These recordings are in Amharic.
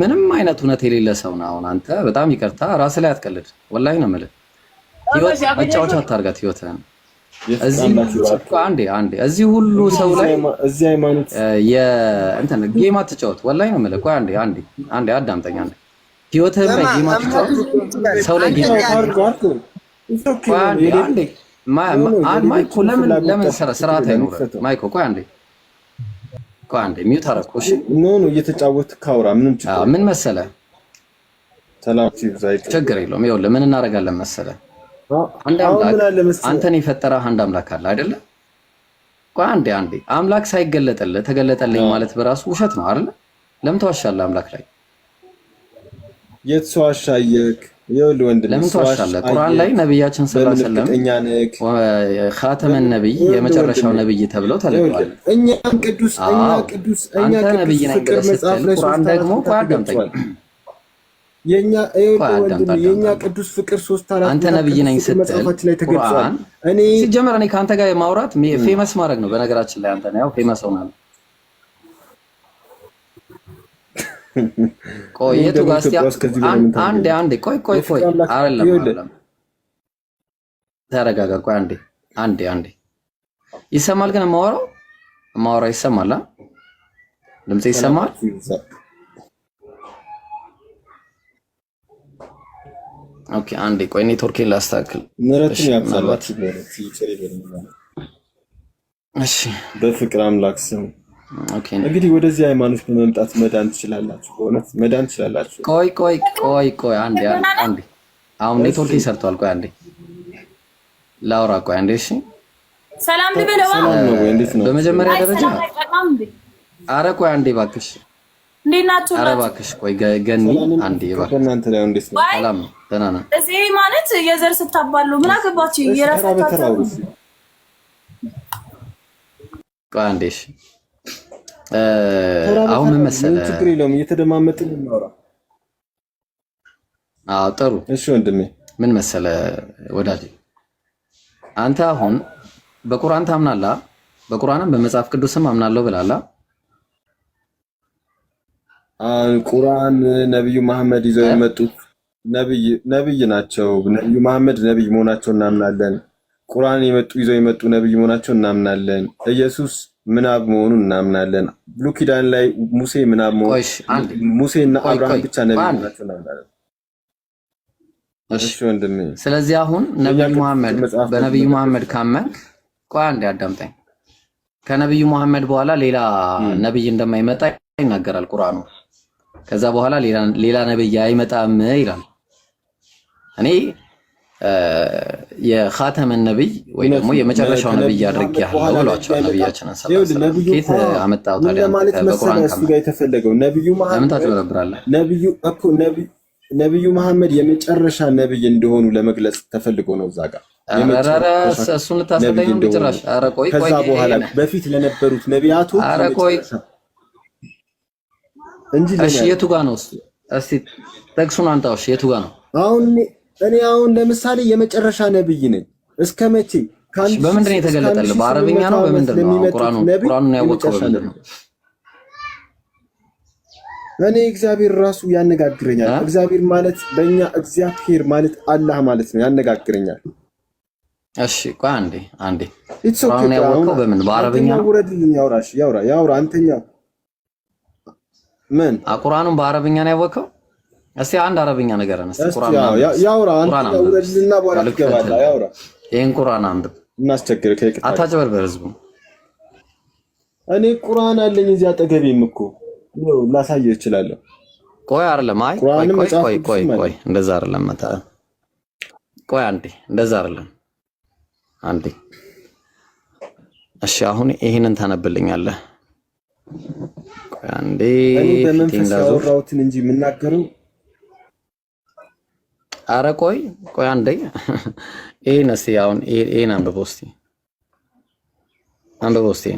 ምንም አይነት እውነት የሌለ ሰው ነው። አሁን አንተ በጣም ይቅርታ፣ ራስህ ላይ አትቀልድ። ወላሂ ነው የምልህ። ህይወት መጫወቻ አታርጋት ህይወትህን። እዚህ ሁሉ ሰው ላይ እንትን ጌም አትጫወት። ወላሂ ነው የምልህ። ቆይ አንዴ አንዴ አንዴ አዳምጠኝ። አንዴ ህይወትህን ላይ ጌም አትጫወት። ሰው ላይ ጌም አንዴ ማይኮ፣ ለምን ለምን ስርዓት አይኖርም ማይኮ? ቆይ አንዴ አንድ ሚውት አረኩሽ። ኖ ኖ እየተጫወትክ ካውራ ምንም ችግር ምን መሰለ፣ ሰላም ችግር የለውም። ይኸውልህ ምን እናደርጋለን መሰለ፣ አንተን የፈጠረህ አንድ አምላክ አለ አይደለ? አንዴ አንዴ አምላክ ሳይገለጠልህ ተገለጠልኝ ማለት በራሱ ውሸት ነው አይደለ? ለምን ተዋሻለህ አምላክ ላይ? የት ሰው አሻየክ? ለምን ቁርአን ላይ ነብያችን ስላሰለም ካተመን ነብይ የመጨረሻው ነብይ ተብለው ተልቀዋል። አንተ ነቢይ ነኝ ብለህ ስትል ቁርአን ደግሞ አዳምጠኝ፣ አንተ ነቢይ ነኝ ስትል ቁርአን ሲጀመር እኔ ከአንተ ጋር የማውራት ፌመስ ማድረግ ነው። በነገራችን ላይ አንተ ያው ፌመስ ሆናለሁ ቆየቱ አንዴ አንዴ ቆይ ቆይ ቆይ፣ አይደለም አይደለም፣ ተረጋጋ። ቆይ አንዴ አንዴ አንዴ። ይሰማል ግን የማወራው የማወራው ይሰማል። ድምጼ ይሰማል። ኦኬ፣ አንዴ ቆይ፣ ኔትወርኬን ላስተካክል። ምሕረትን ያብዛላት። እሺ፣ በፍቅር አምላክ ስም እንግዲህ ወደዚህ ሃይማኖት በመምጣት መዳን ትችላላችሁ። በእውነት መዳን ትችላላችሁ። ቆይ ቆይ ቆይ ቆይ አንዴ አንዴ፣ አሁን ኔትወርክ ይሰርቷል። ቆይ አንዴ ላውራ። ቆይ አንዴ። እሺ ሰላም ልበለዋ። በመጀመሪያ ደረጃ አረ ቆይ አንዴ እባክሽ፣ አረ እባክሽ፣ ቆይ ገኒ አንዴ እባክሽ። ሰላም ደህና ነህ? እዚህ ማለት የዘር ስታባሉ ምን አገባችሁ? የራሳችሁ ቆይ አንዴ እሺ አሁን ምን መሰለህ፣ ችግር የለውም እየተደማመጥን እናውራ። አዎ ጥሩ። እሺ ወንድሜ ምን መሰለህ ወዳጅ፣ አንተ አሁን በቁርአን ታምናላ፣ በቁርአንም በመጽሐፍ ቅዱስም አምናለሁ ብላላ። ቁርአን ነብዩ መሐመድ ይዘው የመጡት ነብይ ነብይ ናቸው። ነብዩ መሐመድ ነብይ መሆናቸው እናምናለን። ቁርአን የመጡ ይዘው የመጡ ነብይ መሆናቸው እናምናለን። ኢየሱስ ምናብ መሆኑን እናምናለን። ብሉ ኪዳን ላይ ሙሴ ምናብ ሙሴና አብርሃም ብቻ ነቢ ናቸው እናምናለን። ስለዚህ አሁን ነቢዩ መሐመድ በነቢዩ መሐመድ ካመንክ፣ ቆይ አንዴ አዳምጠኝ። ከነቢዩ መሐመድ በኋላ ሌላ ነቢይ እንደማይመጣ ይናገራል ቁርአኑ። ከዛ በኋላ ሌላ ነቢይ አይመጣም ይላል እኔ የካተመ ነብይ ወይ ደግሞ የመጨረሻው ነብይ ያደርግ ያለው ብሏቸዋል። ነብያችንን ሰባሰኬት አመጣው። ታዲያ በቁርአን ነብዩ መሐመድ የመጨረሻ ነብይ እንደሆኑ ለመግለጽ ተፈልጎ ነው። እዛ ጋር እሱን ልታስረዳኝ ነው ጭራሽ። ኧረ ቆይ ከዛ በኋላ በፊት ለነበሩት ነቢያቱ ኧረ ቆይ እንጂ። እሺ የቱ ጋ ነው? እስቲ ጠቅሱን አንጣዎች የቱ ጋ ነው አሁን እኔ አሁን ለምሳሌ የመጨረሻ ነብይ ነኝ። እስከ መቼ? በምንድን ነው የተገለጠልህ? በአረብኛ ነው? በምንድን ነው? ቁርአኑን ያወቀው በምንድን ነው? እኔ እግዚአብሔር ራሱ ያነጋግረኛል። እግዚአብሔር ማለት በእኛ እግዚአብሔር ማለት አላህ ማለት ነው። ያነጋግረኛል። እሺ ቆይ አንዴ አንዴ ቁርአኑን ያወቀው በምን በአረብኛ ነው? ውረድልኝ፣ ያውራሽ ያውራ ያውራ አንተኛ ምን ቁርአኑን በአረብኛ ነው ያወቀው እስቲ አንድ አረብኛ ነገር አነስ ቁርአን ያውራ በኋላ ያውራ አንብብ። አታጭበርበር ህዝቡ። እኔ ቁርአን አለኝ እዚህ አጠገቤም እኮ እችላለሁ። ቆይ አይደለም። አይ ቆይ ቆይ ቆይ ቆይ እንደዛ አይደለም። መጣ ቆይ አንዴ እንደዛ አይደለም። አንዴ እሺ፣ አሁን ይሄንን ታነብልኛለህ። ቆይ አንዴ እኔ በመንፈስ ያወራሁትን እንጂ የምናገረው አረ ቆይ ቆይ አንዴ ይሄን እስኪ አሁን ይሄን አንብበው እስኪ አንብበው እስኪ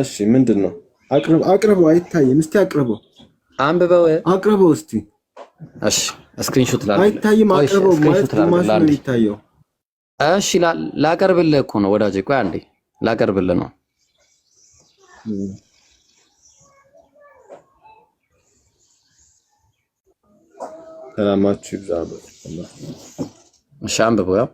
እሺ ምንድን ነው አቅርብ አቅርበው አይታይም እስኪ አቅርበው አንብበው አቅርበው እስኪ እሺ ስክሪንሾት ላድርግ አይታይም አቅርበው ማለት ነው የሚታየው እሺ ላቀርብልህ እኮ ነው ወዳጄ ቆይ አንዴ ላቀርብልህ ነው ሰላማችሁ ይብዛ። እሺ አንብበው ያው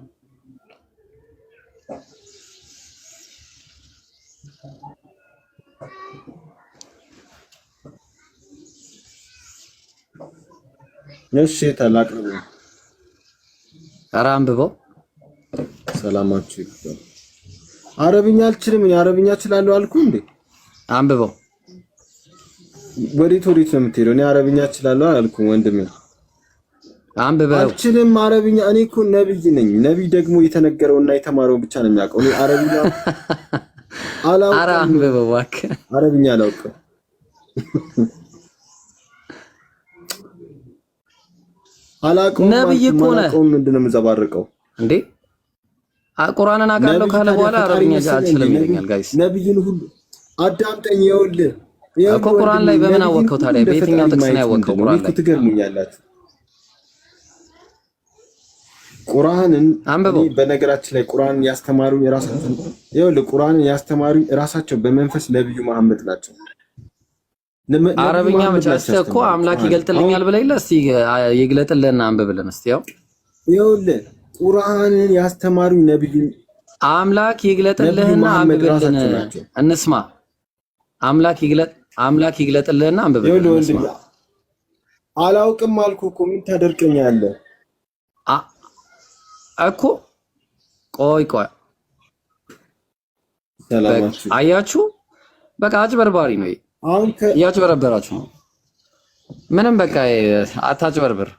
እሺ ተላቅርቡ። ኧረ አንብበው። ሰላማችሁ ይብዛ። አረብኛ አልችልም። እኔ አረብኛ እችላለሁ አልኩህ እንዴ? አንብበው። ወዴት ወዴት ነው የምትሄደው? እኔ አረብኛ እችላለሁ አላልኩም ወንድሜ። አንብበው። አልችልም አረብኛ። እኔ እኮ ነቢይ ነኝ። ነቢይ ደግሞ የተነገረውና የተማረውን ብቻ ነው የሚያውቀው። እኔ አረብኛ አላውቅም። ኧረ አንብበው እባክህ። አረብኛ አላውቅም። አላውቅም። ነቢይ እኮ ነህ። ምንድን ነው የምንጸባርቀው እንዴ? ቁርአንን አውቃለሁ ካለ በኋላ አረብኛ አልችልም ይለኛል። ጋይስ ነቢይን ሁሉ አዳምጠኝ። ይኸውልህ እኮ ቁርአን ላይ በምን አወቅከው ታዲያ? በየትኛው ጥቅስ ነው ያወቅከው ቁርአን ላይ? ትገርሙኛላችሁ ቁርአንን በነገራችን ላይ ቁርአን ያስተማሩ የራሳቸው ይሄው ቁርአንን ያስተማሩ ራሳቸው በመንፈስ ለብዩ መሐመድ ናቸው። አረብኛ መጫስ እኮ አምላክ ይገልጥልኛል ብለይላ እስቲ ይግለጥልና አንብብልን እስቲ። ያው ይኸውልህ፣ ቁርአንን ያስተማሩ ነብዩ አምላክ ይግለጥልህና አንብብልን እንስማ። አምላክ ይግለጥ አምላክ ይግለጥልህና አንብብልን እንስማ። አላውቅም አልኩህ እኮ ምን ታደርቀኛለህ? እኮ ቆይ ቆይ አያችሁ፣ በቃ አጭበርባሪ ነው። እያጭበረበራችሁ ነው። ምንም በቃ አታጭበርብር።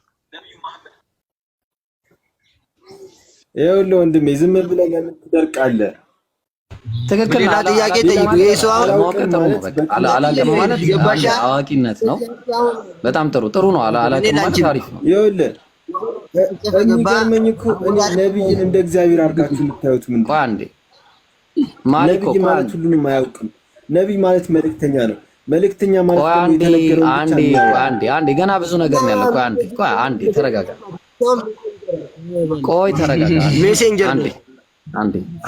ይኸውልህ ወንድሜ ዝም ብለህ ለምን ትደርቃለህ? ትክክል። ሌላ ጥያቄ ጠይቁ። ይሄ አሁን አላውቅም ማለት አዋቂነት ነው። በጣም ጥሩ ጥሩ ነው። አላውቅም ማለት አሪፍ ነው። ይኸውልህ የሚገርመኝ እኮ ነቢይን እንደ እግዚአብሔር አድርጋችሁ የምታዩት ምንድን ነቢይ ማለት ሁሉንም አያውቅም። ነቢይ ማለት መልእክተኛ ነው። መልእክተኛ ማለት ገና ብዙ ነገር ነው ያለው። አንዴ ተረጋጋ፣ ቆይ ተረጋጋ።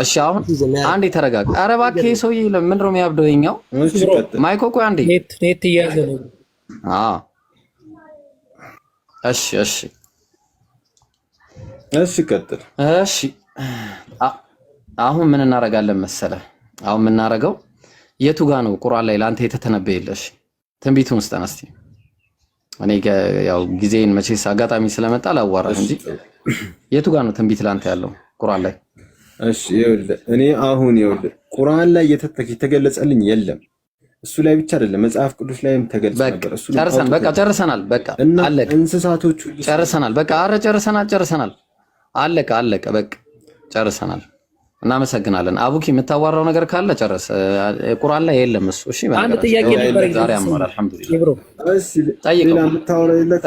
እሺ አሁን አንዴ ተረጋጋ። ኧረ እባክህ ሰውዬ ምንድን ነው የሚያብደው የኛው ማይክ? ቆይ አንዴ ኔት እያዘ ነው። እሺ እሺ እሺ ቀጥል። እሺ አሁን ምን እናደርጋለን መሰለ? አሁን የምናደርገው የቱ ጋ ነው ቁርአን ላይ ለአንተ የተተነበየለሽ ትንቢቱን ስጠን እስቲ። እኔ ያው ጊዜን መቼስ አጋጣሚ ስለመጣ ላዋራህ እንጂ የቱ ጋ ነው ትንቢት ለአንተ ያለው ቁርአን ላይ? እሺ ይኸውልህ፣ እኔ አሁን ይኸውልህ ቁርአን ላይ የተገለጸልኝ የለም። እሱ ላይ ብቻ አይደለም መጽሐፍ ቅዱስ ላይም ተገልጾ ነበር። እሱ ጨርሰናል፣ በቃ ጨርሰናል፣ በቃ አለ። እንስሳቶቹ ጨርሰናል፣ በቃ አረ ጨርሰናል፣ ጨርሰናል አለቀ አለቀ፣ በቃ ጨርሰናል። እናመሰግናለን። አቡኪ የምታዋራው ነገር ካለ ጨረስ። ቁርአን ላይ የለም እሱ። እሺ አንድ ጥያቄ ነበር። ዛሬ አማራ አልሐምዱሊላህ።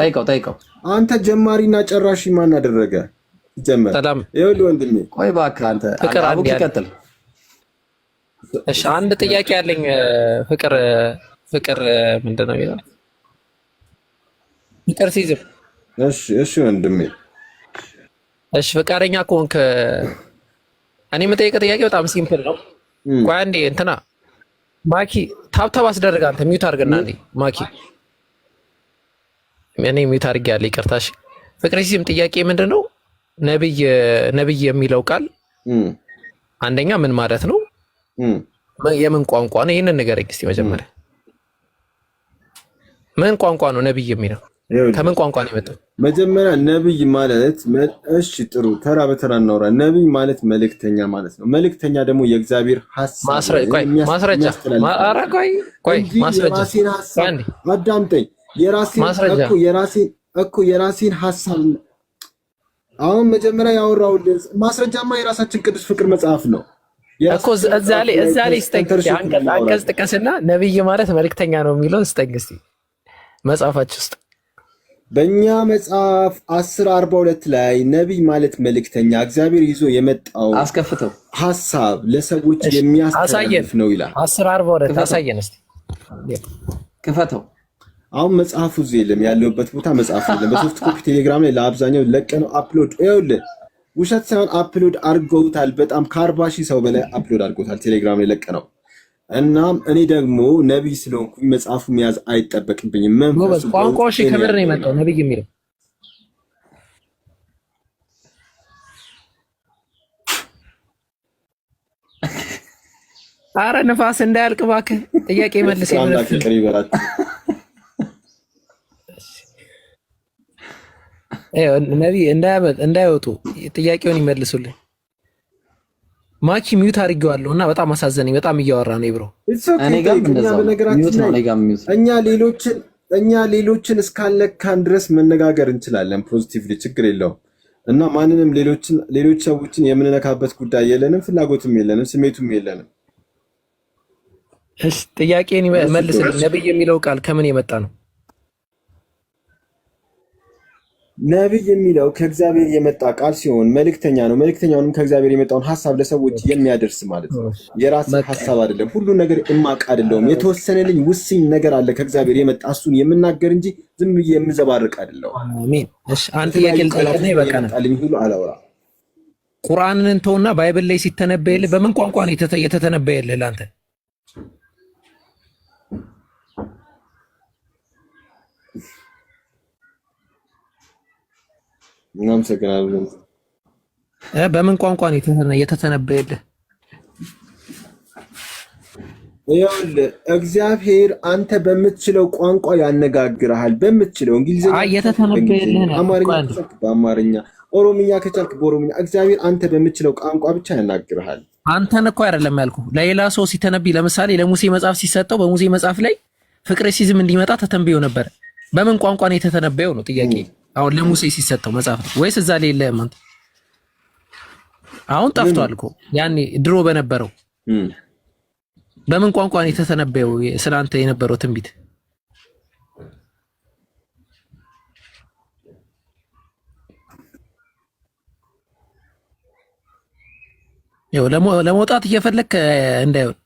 ጠይቀው ጠይቀው። አንተ ጀማሪና ጨራሽ ማን አደረገ? ጀመር ሰላም። ይኸውልህ ወንድሜ፣ ቆይ እባክህ አንተ። አቡኪ ቀጥል። እሺ አንድ ጥያቄ አለኝ። ፍቅር ፍቅር ምንድን ነው ይላል። ፍቅር ሲዝም። እሺ እሺ ወንድሜ እሺ ፈቃደኛ ከሆንክ እኔ የምጠይቀህ ጥያቄ በጣም ሲምፕል ነው። ቆይ አንዴ እንትና ማኪ ታብታብ አስደርግ። አንተ ሚውት አድርግና እንዴ ማኪ፣ እኔ ሚውት አድርጌያለሁ። ይቅርታሽ። ፍቅርሲዝም ጥያቄ ምንድን ነው? ነብይ ነብይ የሚለው ቃል አንደኛ ምን ማለት ነው? የምን ቋንቋ ነው? ይህንን ንገረኝ እስኪ መጀመሪያ። ምን ቋንቋ ነው ነብይ የሚለው? ከምን ቋንቋ ነው የመጣው? መጀመሪያ ነብይ ማለት እሺ፣ ጥሩ ተራ በተራ እናውራ። ነብይ ማለት መልእክተኛ ማለት ነው። መልእክተኛ ደግሞ የእግዚአብሔር ሐሳብ ማስረጃ። ኧረ ቆይ ቆይ፣ ማስረጃ አዳምጠኝ። የራሴን እኮ የራሴን እኮ የራሴን ሐሳብ አሁን መጀመሪያ ያወራው ማስረጃማ የራሳችን ቅዱስ ፍቅር መጽሐፍ ነው እኮ እዛ ላይ እዛ ላይ ስጠኝ። አንቀጽ ጥቀስና ነብይ ማለት መልእክተኛ ነው የሚለውን ስጠኝ እስኪ መጽሐፋችሁ ውስጥ በእኛ መጽሐፍ 1042 ላይ ነቢይ ማለት መልእክተኛ እግዚአብሔር ይዞ የመጣው አስከፍተው ሀሳብ ለሰዎች የሚያስተላልፍ ነው ይላል። 1042 አሳየን እስቲ ክፈተው። አሁን መጽሐፉ እዚህ የለም፣ ያለሁበት ቦታ መጽሐፍ የለም። በሶፍት ኮፒ ቴሌግራም ላይ ለአብዛኛው ለቀነው አፕሎድ ይኸውልህ፣ ውሸት ሳይሆን አፕሎድ አድርገውታል። በጣም ከአርባ ሺህ ሰው በላይ አፕሎድ አድርጎታል። ቴሌግራም ላይ ለቀነው እናም እኔ ደግሞ ነቢይ ስለሆንኩኝ መጽሐፉ መያዝ አይጠበቅብኝም። መንፈሱ ቋንቋው እሺ፣ ከምር ነው የመጣው ነቢይ የሚለው አረ ንፋስ እንዳያልቅ እባክህ፣ ጥያቄ መልስ ነቢይ እንዳይወጡ ጥያቄውን ይመልሱልኝ። ማኪ ሚዩት አድርጌዋለሁ እና በጣም አሳዘነኝ። በጣም እያወራ ነው ብሮ። እኛ ሌሎችን እኛ ሌሎችን እስካለካን ድረስ መነጋገር እንችላለን። ፖዚቲቭሊ ችግር የለውም እና ማንንም ሌሎች ሰዎችን የምንነካበት ጉዳይ የለንም፣ ፍላጎትም የለንም፣ ስሜቱም የለንም። ጥያቄን መልስልኝ። ነብይ የሚለው ቃል ከምን የመጣ ነው? ነቢይ የሚለው ከእግዚአብሔር የመጣ ቃል ሲሆን መልእክተኛ ነው። መልእክተኛውንም ከእግዚአብሔር የመጣውን ሀሳብ ለሰዎች የሚያደርስ ማለት ነው። የራስ ሀሳብ አይደለም። ሁሉ ነገር እማቅ አይደለሁም። የተወሰነልኝ ውስኝ ነገር አለ ከእግዚአብሔር የመጣ እሱን የምናገር እንጂ ዝም ብዬ የምዘባርቅ አይደለሁም። አንተ ሁሉ አላውራ ቁርአንን እንተውና ባይብል ላይ ሲተነበየልህ በምን ቋንቋ ነው የተተነበየልህ ለአንተ? እናመሰግናለን። በምን ቋንቋ ነው የተተነበየልህ? ይኸውልህ እግዚአብሔር አንተ በምትችለው ቋንቋ ያነጋግርሃል። በምትችለው እንግሊዝኛ የተተነበየልህ ነው። በአማርኛ ኦሮምኛ ከቻልክ በኦሮምኛ እግዚአብሔር አንተ በምትችለው ቋንቋ ብቻ ያናግርሃል። አንተን እኮ አይደለም ያልኩ፣ ለሌላ ሰው ሲተነብይ፣ ለምሳሌ ለሙሴ መጽሐፍ ሲሰጠው በሙሴ መጽሐፍ ላይ ፍቅሬ ሲዝም እንዲመጣ ተተንብዮ ነበር። በምን ቋንቋ ነው የተተነበየው ነው ጥያቄ። አሁን ለሙሴ ሲሰጠው መጽሐፍ ነው ወይስ እዛ ላይ የለህም አንተ? አሁን ጠፍቷል እኮ ያኔ ድሮ በነበረው በምን ቋንቋ ነው የተተነበየው ስለ አንተ የነበረው ትንቢት? ያው ለመውጣት እየፈለግ እንዳይሆን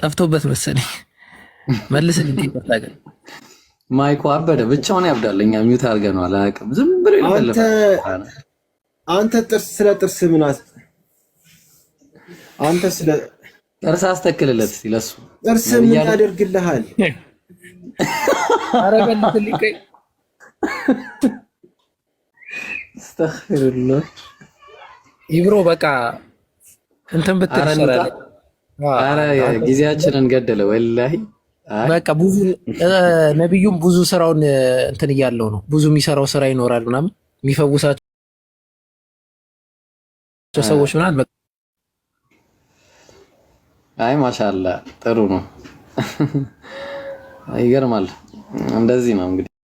ጠፍቶበት መሰለኝ መልስን ይፈታገል ማይኮ አበደ ብቻውን ያብዳል። እኛ ሚውት ነው አላውቅም ዝም ብሎ ይለፈልፋ። አንተ ጥርስ ስለ ጥርስ ምን አስ አንተ ስለ ጥርስ አስተክልለት ሲለሱ ጥርስ ምን ያደርግልሃል? ኧረ በልተህ ሊቀይ አስተግፊሩላህ ይብሮ በቃ እንትን ብትል ይሻላል። ኧረ ጊዜያችንን ገደለ ወላሂ በቃ ብዙ ነቢዩም ብዙ ስራውን እንትን እያለው ነው። ብዙ የሚሰራው ስራ ይኖራል ምናምን የሚፈውሳቸው ሰዎች አይ ማሻላ ጥሩ ነው፣ ይገርማል። እንደዚህ ነው እንግዲህ